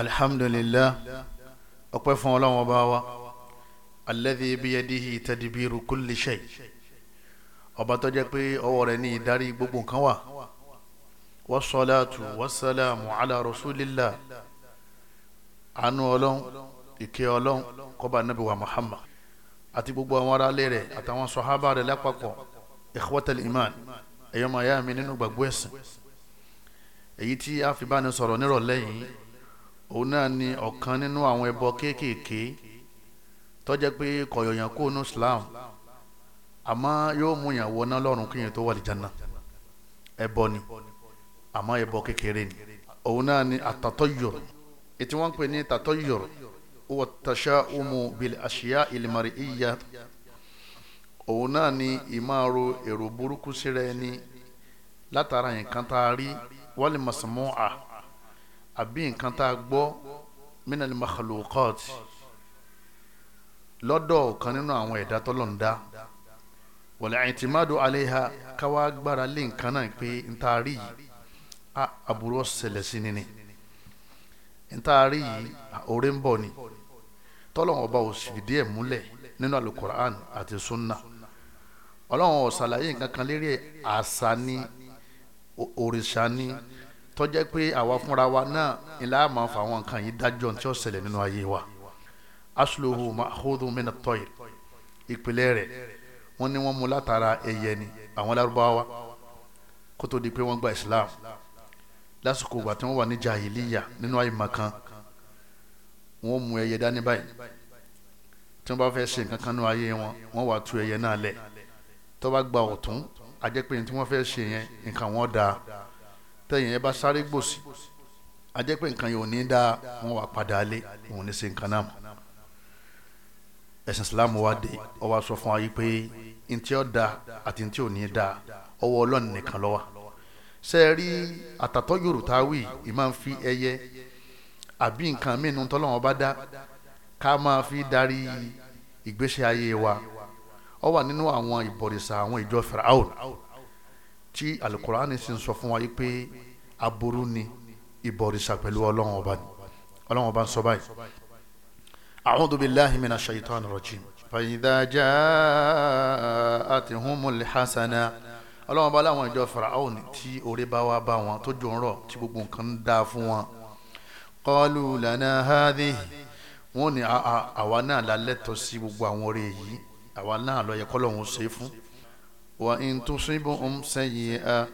alhamdulillah ọpẹ́ fún Ọlọ́run ọba wa alladhi biyadihi tadibiru kulli shay ọba tó jẹ́ pé ọwọ́ rẹ̀ ní ìdarí gbogbo nǹkan wà wasalaatu wasalaamu ala rasulillah àánú Ọlọ́run ìkẹ́ Ọlọ́run kọba anabi wa muhammad àti gbogbo àwọn aráalé rẹ̀ àtàwọn sọhábà rẹ̀ lápapọ̀ ikhwatal iman ẹyọmọ ayá mi nínú gbàgbọ́ ẹ̀sìn èyí tí a fi bá ní sọ̀rọ̀ nírọ̀lẹ́ yìí òun náà ni ọ̀kan nínú àwọn ẹbọ kéékèèké tó pé kọ̀yọ̀yàn kó nu Islam àmọ́ yóò mú yàn lọ́rùn tó wà lìjànà ẹbọ ni àmọ́ ẹbọ kékeré ni òun náà ni àtàtọ́yọ̀rọ̀ ètí wọ́n ń pè ní tàtọ́yọ̀rọ̀ wọ́n tàṣà umu bil àṣìyá ìlìmọ̀rì ìyá òun náà ni ìmáàrò èrò burúkú síra ẹni látara nǹkan tá a àbí nǹkan tá a gbọ́ minal makhluqat lọ́dọ̀ kan nínú àwọn ẹ̀dá t'Ọlọ́run dá wal i'timadu alayha káwá gbára lé nǹkan náà pé n ta rí yìí aburú ọ̀sẹ̀lẹ̀ sí ni ni n ta rí yìí oore ń bọ̀ ni t'Ọlọ́run ọba ò sì fìdí ẹ̀ múlẹ̀ nínú alukur'an àti sunna ọlọ́run ọ̀sàlàyé nǹkan kan lérí àṣà ni òrìṣà ni tọ́jẹ́ pé àwa fúnra wa náà ìlà máa fa àwọn nǹkan yìí dájọ́ tí ó ṣẹlẹ̀ nínú ayé wa asluhu ma'khudhu min at-tayr ìpìlẹ̀ rẹ̀ wọ́n ní wọ́n mú látara ẹyẹ ni àwọn lárúbáwá kó tó di pé wọ́n gba islam lásìkò ìgbà tí wọ́n wà ní jahiliya nínú àyèmọ̀ kan wọ́n mú ẹyẹ dání báyìí tí wọ́n bá fẹ́ ṣe nǹkan kan nínú ayé wọn wọ́n wàá tú ẹyẹ náà lẹ̀ tó bá gba ọ̀tún àjẹpẹ́yìn tí wọ́n fẹ́ ṣe yẹn nǹkan wọn dáa tẹ̀yìn ẹ bá sáré gbòsì ajẹ́pẹ́ nǹkan yìí ò ní dáa wọ́n wà padà lé òun ní ṣe nǹkan náà ẹ̀sìn Islam wa dé ó wá sọ fún wa yìí pé ntí ó da àti ntí ò ní da ọwọ́ Ọlọ́run nìkan ló ṣe é rí àtàtọ́ yorùbá wì í máa ń fi ẹyẹ àbí nǹkan mìíràn tọ́lọ́wọ́n bá dá ká máa fi darí ìgbésí ayé wa ó wà nínú àwọn ìbọ̀rìṣà àwọn ìjọ Fáráò tí alukurani sì ń sọ fún wa yìí pé aburú ni ìbọ̀rìṣà pẹ̀lú ọlọ́run ọba ni ọlọ́run ọba ń sọ báyìí. a'udhu billahi minash shaitanir rajim. fa'idha ja'atuhumul hasana ọlọ́run ọba láwọn ìjọ Fáráò tí oore bá wá bá wọn tó jò ń rọ̀ tí gbogbo nǹkan ń fún wọn. qalu lana hadhihi wọ́n ní àwa náà lálẹ́ tọ́ sí gbogbo àwọn oore yìí àwa náà ló yẹ kọ́lọ́hún ṣe fún wa in tusibhum sayyi'a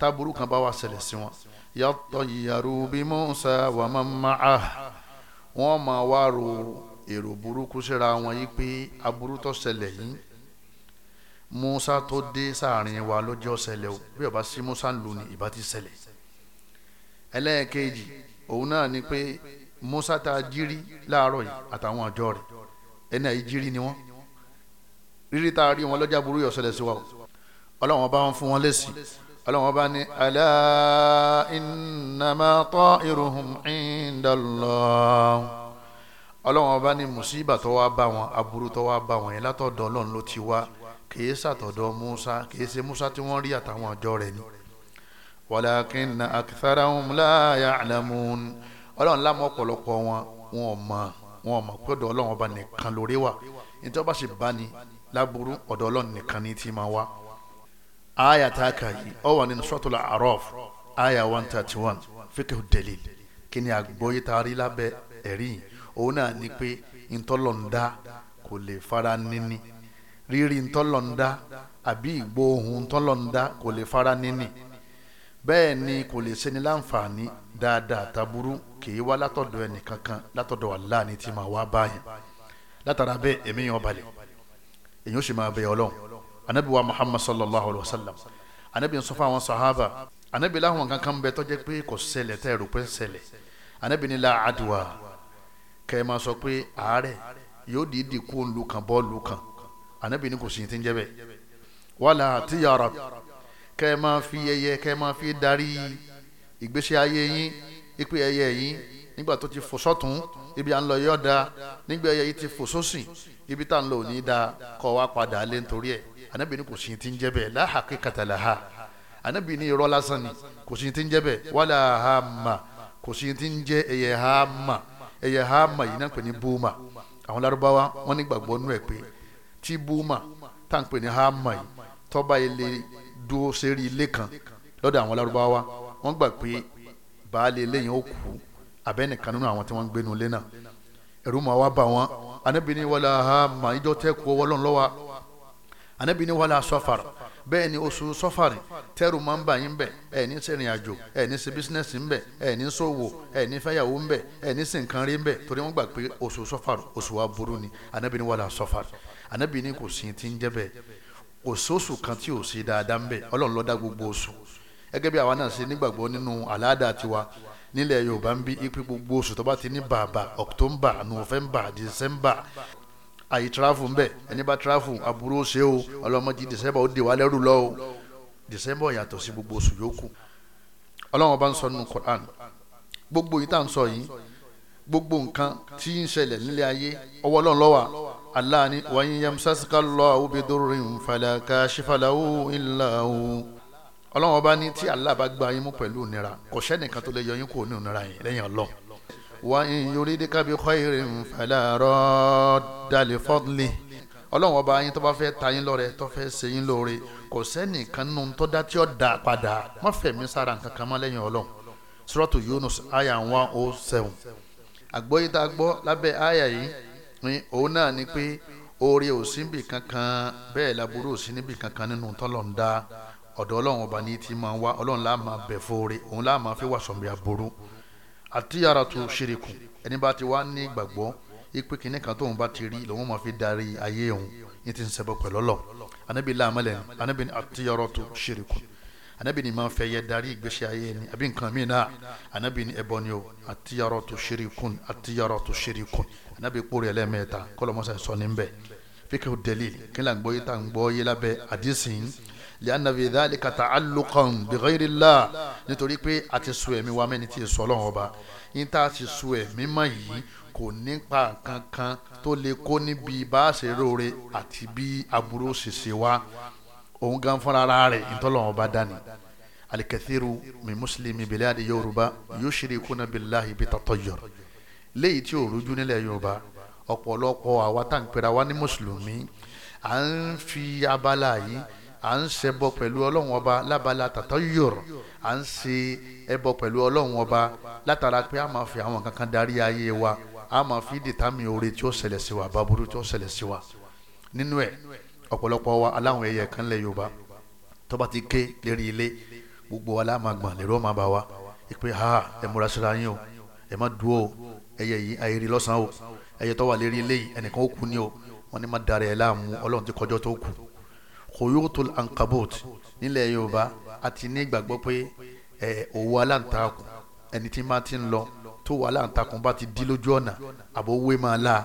táburú kan bá wà ṣẹlẹ̀ sí wọn yatayyaru bi Musa wa man ma'ah wọ́n máa wá ro èrò burúkú síra wọn yìí pé aburú tó ṣẹlẹ̀ yìí Musa tó dé sáàrin wa lọ́jọ́ ṣẹlẹ̀ o bí ó bá sí Musa ń lù ní ìbá ti ṣẹlẹ̀ ẹlẹ́ẹ̀kejì òun náà ni pé Musa tá a jírí láàárọ̀ yìí àtàwọn ọjọ́ rẹ̀ ẹni àyíjírí ni wọ́n rírí tá a rí wọn lọ́jà burú yọ̀ ṣẹlẹ̀ sí wa o ọlọ́run ọba ń fún wọn lésì ọlọ́run ọba ní alá innama ta'iruhum indallah ọlọ́run ọba ní mùsíbà tó wá bá wọn aburú tó wá bá wọn yẹn látọ̀dọ̀ ọlọ́run ló ti wá kìí sàtọ̀dọ̀ musa kìí ṣe musa tí wọ́n rí àtàwọn ọjọ́ rẹ̀ ni walakinna aktharahum la ya'lamun ọlọ́run lámọ́ ọ̀pọ̀lọpọ̀ wọn wọn mọ̀ wọn mọ̀ pé ọ̀dọ̀ ọlọ́run ọba nìkan lórí wà nítorí ṣe bá ní láburú ọ̀dọ̀ ọlọ́run nìkan ní ti máa wá aya tá a kà yìí ọ wà nínú suratul A'raf aya one thirty one fiqhu dalil kí ni àgbọ́yé tá a rí lábẹ́ ẹ̀rí yìí òun náà ni pé ntọ́lọ́ndá kò lè fara níní rírí ntọ́lọ́ndá àbí ìgbóhùn ntọ́lọ́ndá kò lè fara níní bẹ́ẹ̀ ni kò lè ṣeni láǹfààní dáadáa taburú kìí wá látọ̀dọ̀ ẹnìkankan látọ̀dọ̀ Allah ni tí máa wá báyìí látara bẹ́ẹ̀ èmi yàn balẹ̀ èyí ó sì máa bẹ Ọlọ́run anabi wa muhammad sallallahu alayhi wa sallam anabi sọ fún àwọn sahaba anabi láwọn kankan bẹ tó jẹ́ pé kò ṣẹlẹ̀ tẹ́ ẹ̀rù pé ṣẹlẹ̀ anabi ni la aduwa kẹ́ ẹ máa sọ pé àárẹ̀ yóò dìídì kú òǹlu kan bọ́ọ̀lù kan anabi ni kò sì ti ń jẹ́ wàlà tíyàrá kẹ́ ẹ máa fi ẹyẹ kẹ́ ẹ fi darí ìgbésí ayé yín ipe ẹyẹ yín nígbà tó ti fò sọ́tún ibi à ń lọ yọ̀ da nígbà ẹyẹ yìí ti fò sósì ibi tá à ń lọ òní da kọ́ wa padà lé nítorí ẹ̀ anábì ní kò sí ti ń jẹ́ bẹ́ẹ̀ la haqiqata laha anábì ní irọ́ lásán ni kò sí ti ń jẹ́ bẹ́ẹ̀ wala hama kò sí ti ń jẹ́ ẹyẹ hama ẹyẹ hama yìí náà pè ní búma àwọn Lárúbáwá wọn nígbàgbọ́ nú ẹ̀ pé tí búma tá à ń pè ní hama yìí tọ́ba ilé dúró sérí ilé kan lọ́dọ̀ àwọn Lárúbáwá wọ́n gbà pé baálé lẹ́yìn ó kú abẹ́nìkan nínú àwọn tí wọ́n ń gbénu lé náà ẹ̀rù máa wá bá wọn anabi ni ha ma ìjọ tẹ́ kú ọwọ́ lọ́n lọ́wọ́ anabi ni wàlá sọ́fàr bẹ́ẹ̀ ni oṣù sọ́fàr tẹ́rù máa ń bà yín bẹ̀ ẹ̀ ní sẹ́rìn àjò ẹ̀ ní ṣe bísínẹ́sì ń bẹ̀ ẹ̀ ní ṣòwò ẹ̀ ní fẹ́yàwó ń bẹ̀ ẹ̀ ní sì nǹkan rí ń bẹ̀ torí wọ́n gbà pé oṣù sọ́fàr oṣù wa burú ni anabi ni wàlá sọ́fàr anabi kò sí ti ń jẹ́ bẹ́ẹ̀ kò kan tí ò sí dáadáa ń bẹ̀ ọlọ́run ló gbogbo oṣù gẹ́gẹ́ bí àwa náà ṣe nígbàgbọ́ nínú àláàdá tiwa nílẹ̀ yorùbá ń bí ipe gbogbo oṣù tó ti ní bàbà october november december àyè travel ńbẹ ẹni bá travel aburú ṣe o ọlọmọdé december ó di wa lẹ́rù lọ o december yàtọ̀ sí gbogbo oṣù yòókù ọlọ́wọ́n bá ń sọ nínú quran gbogbo yìí tá à ń sọ yìí gbogbo nǹkan tí ń ṣẹlẹ̀ nílé ayé ọwọ́ ọlọ́run ló wà Allah ni wa in yamsaska Allahu bidurrin fala kashifa lahu illa hu ọlọ́run ọba ní tí Allah bá gba yín mú pẹ̀lú ìnira kò sẹ́nìkan tó lè yọ yín kúrò ní ìnira yìí lẹ́yìn ọlọ́run. wa in yuridika bi khairin fala radda li fadli ọlọ́run ọba yín tó bá fẹ́ ta yín lọ́rẹ tó fẹ́ ṣe yín lóore kò sẹ́nìkan nù tó dá tí ó dà padà má fẹ̀mí sára nǹkan mọ́ lẹ́yìn ọlọ́run suratu Yunus aya one oh seven àgbọ́yé gbọ́ lábẹ́ aya yìí ni òun náà ni pé oore ò kankan bẹ́ẹ̀ laburú ò kankan nínú tọ́lọ̀ ń dá ọ̀dọ̀ ọlọ́run ọba ní ti máa ń wá ọlọ́run láà máa bẹ̀ fóore òun láà máa fi wà sọ̀mí aburú àti yàrá tó ṣerékù ẹni bá ti wá ní ìgbàgbọ́ ipe kìnnì kan tóun bá ti rí lòun máa fi darí ayé òun ní ti ń ṣẹbọ pẹ̀lú ọlọ́ anabi làmẹ́lẹ̀ anabi àti yàrá tó ṣerékù anabi ni máa ń fẹ́ yẹ darí ìgbésí ayé ni àbí nǹkan mí náà anabi ni ẹbọ ni o àti yàrá tó ṣerékù àti yàrá tó ṣerékù anabi kúrò ẹlẹ́mẹ̀ẹ́ta kọ́lọ́mọ́sá sọ ní bẹ́ẹ̀ fíkẹ́ òdẹ́lì kí lianna fi dhalika ta'alluqan bi ghayri Allah nítorí pé a ti so ẹ̀mí wa mẹ́ni tí ì sọ ọlọ́run ọba yín tá a ti so ẹ̀mí mọ́ yìí kò nípa kankan tó lè kó níbi bá a ṣe róore àti bí aburú ṣe ṣe wá òun gan fúnra ara rẹ̀ ìtọ́lọ́run ọba dání alikathiru mi muslimi biladi Yorùbá yushrikuna billahi bitatayyur léyìí tí ò rújú Yorùbá ọ̀pọ̀lọpọ̀ àwa tá wa ní mùsùlùmí à ń fi abala yìí à ń ṣẹbọ pẹ̀lú ọlọ́run ọba lábala tàtọ́ yòrò à ń ṣe ẹbọ pẹ̀lú ọlọ́run ọba látara pé a máa fi àwọn kankan darí ayé wa a máa fi dìtámì oore tí ó ṣẹlẹ̀ sí wa bàbúrú tí ó ṣẹlẹ̀ sí wa nínú ẹ̀ ọ̀pọ̀lọpọ̀ wa aláwọn ẹyẹ kan lẹ̀ yorùbá tó ti ké lérí ilé gbogbo wa la máa gbọ̀n lérò ọmọ bá wa ìpè ha ẹ múra síra yín o ẹ má dúró o ẹyẹ yìí ayẹri lọ́sàn-án o ẹyẹ tó wà lérí ilé yìí ẹnìkan ó kú ni o wọ́n ní má darẹ̀ ẹ̀ láàmú ọlọ́run ti kọjọ́ tó kù kòyótòl ankabot nílẹ̀ yorùbá a ti ní ìgbàgbọ́ pé ẹ òwò aláǹtakùn ẹni tí máa ti ń lọ tó wà aláǹtakùn bá ti dí lójú ọ̀nà àbówé máa la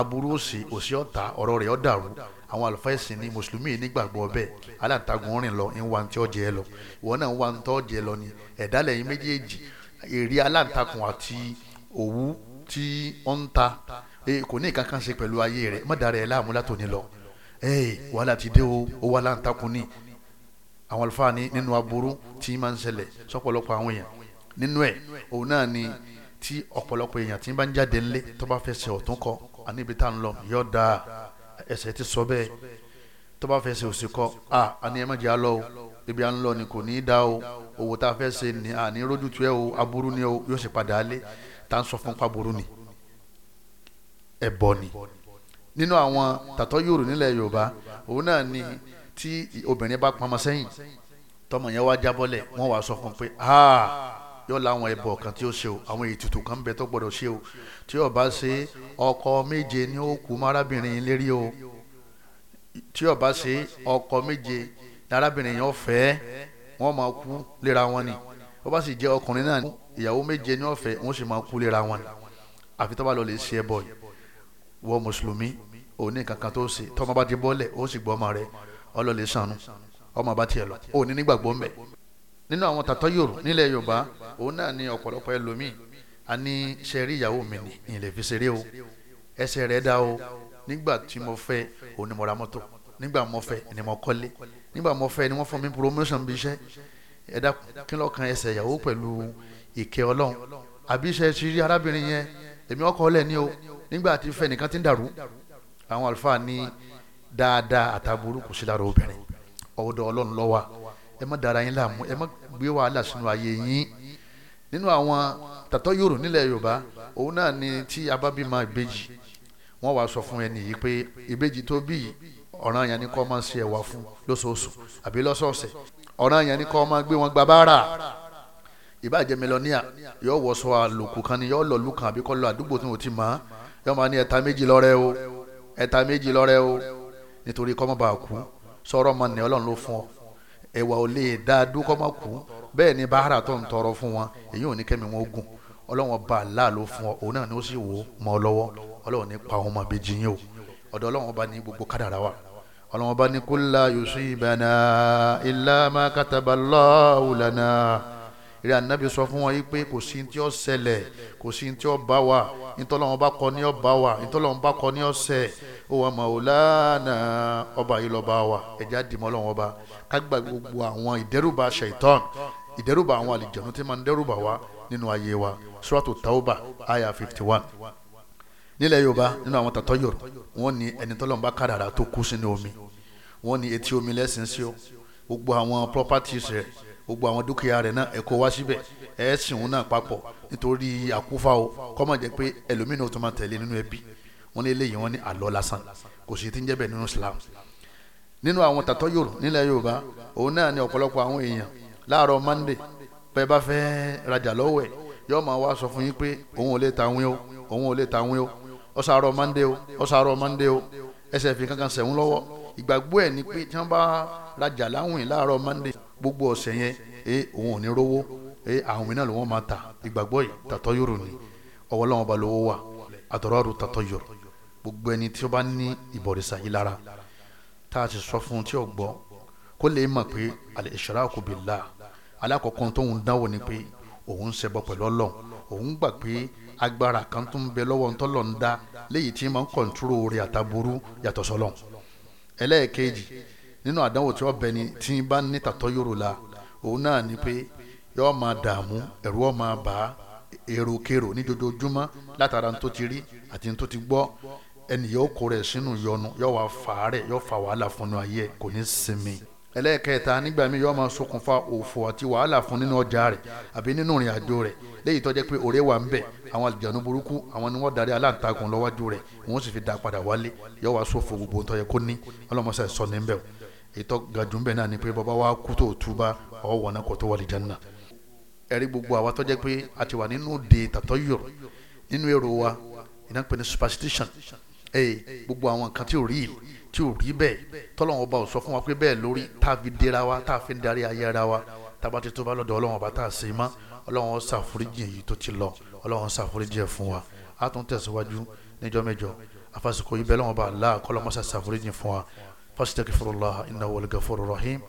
aburú òsì òsì ọ̀tá ọ̀rọ̀ rẹ̀ ó dàrú àwọn àlùfáà ẹ̀sìn ni mùsùlùmí nígbàgbọ́ bẹ́ẹ̀ aláǹtakùn rìn lọ ń wa ti ọ̀jẹ̀ ẹ lọ ìwọ náà ń wa tọ́ ọ̀jẹ̀ lọ ni ẹ̀dá lẹ́yìn méjèèjì èrè aláǹtakùn àti òwú tí ó ń ta e, kò ní ìkankan ṣe pẹ̀lú ayé rẹ̀ mọ́dàrẹ́ ẹ̀ láàmú látòní lọ ee wàhálà ti dé o ó wàhálà ń takùn ní àwọn àlùfáà ní nínú aburú tí máa ń ṣẹlẹ̀ sọ́pọ̀lọpọ̀ àwọn èèyàn nínú ẹ̀ òun náà ni tí ọ̀pọ̀lọpọ̀ èèyàn tí bá ń jáde ńlẹ̀ tó bá fẹsẹ̀ ọ̀tún kọ àníbi tá à lọ yọ da ẹsẹ̀ ti sọ bẹ́ẹ̀ tó bá òsì kọ a àní ẹ má jẹ́ àlọ́ o ibi à ń lọ ni kò ní í dá o òwò tá a fẹ́ ṣe ni àní rójútu ẹ o aburú ni o yóò sì padà lé tá à sọ fún pa burú ni ẹbọ ni nínú àwọn tàtọ́ yòrò nílẹ̀ yorùbá òun náà ni tí obìnrin bá pamọ́ sẹ́yìn tọmọ yẹn wá jábọ́lẹ̀ wọ́n wàá sọ fún un pé haa yóò láwọn ẹbọ kan tí ó ṣe o àwọn ètùtù kan bẹ tó gbọ́dọ̀ ṣe o tí ó bá ṣe ọkọ méje ni ó kú márábìnrin lérí o tí ó bá ṣe ọkọ méje lárábìnrin yẹn fẹ́ wọ́n máa kú léra wọn ni ó bá sì jẹ́ ọkùnrin náà ìyàwó méje ni ó fẹ́ sì máa kú léra wọn ni àfi tó bá lọ lè ṣe ẹbọ yìí wọ mùsùlùmí òní kankan tó ṣe tọmọ bá ti bọ́lẹ̀ ó sì gbọ́ ọmọ rẹ ọlọ́lẹ̀ sànù ọmọ bá tiẹ̀ lọ òní nígbàgbọ́ mbẹ́ nínú àwọn tàtọ́ yòrò nílẹ̀ yorùbá òun náà ni ọ̀pọ̀lọpọ̀ ẹlòmíì a ní sẹ́rí ìyàwó mi ní ilẹ̀ fi ṣeré o ẹsẹ̀ rẹ̀ dá o nígbà tí mo fẹ́ òun ni mo ra mọ́tò nígbà mo fẹ́ ni mo kọ́lé nígbà mo fẹ́ ni wọ́n fún mi promotion bí iṣẹ́ ẹ dákun kí lọ́ọ́ èmi ọkọ̀ ọlẹ̀ ni o nígbà tí fẹ́ nìkan ti ń dàrú àwọn àlùfáà ní dáadáa àtàbúrú kò sí lára obìnrin ọ̀dọ̀ ọlọ́run ló wà ẹ má dara yín láàmú ẹ má gbé wàhálà sínú ayé yín nínú àwọn tàtọ́ yòrò nílẹ̀ yorùbá òun náà ni tí abábímọ ìbejì wọ́n wàá sọ fún ẹni yìí pé ìbejì tó bí ọ̀ràn yẹn ni kọ́ máa ń ṣe ẹ̀wà fún lóṣooṣù àbí lọ́sọ̀ọ̀sẹ̀ ọ̀ràn yẹn ni kọ́ máa gbé wọn gba báárà ìbá jẹ́ mílíọ̀nìyà yóò wọ sọ àlòkù kan ni yóò lọ lùkàn àbí kọ́ lọ àdúgbò tí mo ti mọ̀ yóò máa ní ẹ̀ta méjì lọ́rẹ́ o ẹ̀ta méjì lọ́rẹ́ o nítorí kọ́ mọ́ bá kú sọ̀rọ̀ mọ́ ni ọlọ́run ló fún ọ ẹ̀wà ò lè dá dúkọ́ mọ́ kú bẹ́ẹ̀ ni bàárà tó ń tọrọ fún wọn èyí ò ní kẹ́mi wọn gùn ọlọ́run ọba àlá ló fún ọ òun náà ni ó sì wò mọ́ ọ lọ́wọ́ ọlọ́run ní pa ọmọ bèjì yín o ọ̀dọ̀ ọlọ́run ọba ní gbogbo kádàrá wa ọlọ́run ọba ní kulla yusibana illa ma kataballahu lana eré anabi sọ fún wọn yìí pé kò sí tí ó ṣẹlẹ̀ kò sí tí ó bá wa ntọ́lọ́wọ́n bá kọ ní ó bá wa ntọ́lọ́wọ́n bá kọ ní ó ṣẹ ó wà Maulana ọba yìí lọ́ba wa ẹ̀já dìmọ́ lọ́wọ́n ba ká gbogbo àwọn ìdẹ́rùbà shaitan ìdẹ́rùbà àwọn àlìjẹ̀nu tí máa ń dẹ́rùbà wa nínú ayé wa suratu tauba aya fifty one nílẹ̀ yorùbá nínú àwọn tàtọ́ yòrò wọ́n ní ẹni tọ́lọ́wọ́n bá kádàrà tó kú sínú omi gbogbo àwọn properties rẹ̀ gbogbo àwọn dúkìá rẹ̀ náà ẹ kó wá síbẹ̀ ẹ sìn òun náà papọ̀ nítorí àkúfà o kó má jẹ́ pé ẹlòmínú tó máa tẹ̀lé nínú ẹbí wọn lé léyìn wọn ní àlọ́ lásán kò sì ti ń jẹ́bẹ̀ nínú Islam nínú àwọn tàtọ́ yòrò nílẹ̀ Yorùbá òun náà ni ọ̀pọ̀lọpọ̀ àwọn èèyàn láàárọ̀ Monday pẹ́ bá fẹ́ rajà lọ́wọ́ ẹ̀ yóò máa wá sọ fún yín pé òun ò lè ta wín o òun ò lè ta wín o ọ̀sàárọ̀ Monday o ọ̀sàárọ̀ Monday o ẹsẹ̀ fi kankan sẹ̀wọ́n gbogbo ọ̀sẹ̀ yẹn ẹ eh, òun ò ní rówó ẹ eh, àwọn mìíràn ló wọ́n máa ta ìgbàgbọ́ yìí tàtọ́ yòrò ni ọwọ́ làwọn ọba lówó wà àtọ̀rọ̀rù tàtọ́ yòrò gbogbo ẹni tí ó bá ní ìbọ̀rìṣà yìí lára tá a sì sọ fún un tí ó gbọ́ kó lè mọ̀ pé al-ishraku billah alákọ̀ọ́kọ́ tóun dánwò ni pé òun ń ṣẹbọ pẹ̀lú Ọlọ́run òun gbà pé agbára kan tó ń bẹ lọ́wọ́ ntọ́lọ̀ ń dá léyìí tí máa ń kọ̀ǹtúrò rẹ̀ àtàbúrú yàtọ̀ sọ́lọ́run ẹlẹ́ẹ̀kejì nínú àdánwò tí wọ́n bẹ ni tí bá ní tàtọ́ yòrò la òun náà ni pé yọ́ọ́ máa dààmú ẹ̀rù ọ́ máa bà á èrò kèrò ní dojoojúmọ́ látara ní tó ti rí àti ní tó ti gbọ́ ẹnì yóò kó rẹ̀ sínú yọnu yóò wá fà á rẹ̀ yóò fà wàhálà fún ní ayé kò ní sinmi. ẹlẹ́ẹ̀kẹta nígbà míì yóò máa ṣokùnfà òfò àti wàhálà fún nínú ọjà rẹ̀ àbí nínú ìrìn àjò rẹ̀ léyìí tó pé òré wà ń bẹ̀ àwọn àlùjànnú burúkú àwọn ni wọ́n darí aláǹtakùn lọ́wájú rẹ̀ wọ́n sì fi dá padà wálé yóò wá ṣòfò gbogbo tó kó ní ọlọ́mọṣẹ́ sọ ní ètò gàdúmbẹ̀ náà ni pé bàbá wa kú tó túbà ọ̀ wọ̀nà kò tó wọlé jẹ́nà ẹ̀rí gbogbo àwa tó jẹ́ pé a ti wà nínú de tàtọ́ yọ̀ nínú èrò wa ìnáwó ní superstition ee gbogbo àwọn nǹkan tí ò rí tí ò rí bẹ́ẹ̀ tọ́lọ́wọ́n ọba ò sọ fún wa pé bẹ́ẹ̀ lórí tá a fi dira wa tá a fi darí ayé ara wa tá a bá ti tó bá lọ́dọ̀ ọlọ́wọ́n ọba tá a ṣe mọ́ ọlọ́wọ́n ṣàforíjì èyí tó ti lọ ọlọ́wọ́n ṣàforíjì ẹ̀ fún wa a tún tẹ̀síwájú níjọ́ mẹ́jọ afásitì kò yí bẹ́ẹ̀ lọ́wọ́n kọ́lọ́mọ́sà ṣàforíjì fún wa فاستغفر الله إنه هو الغفور الرحيم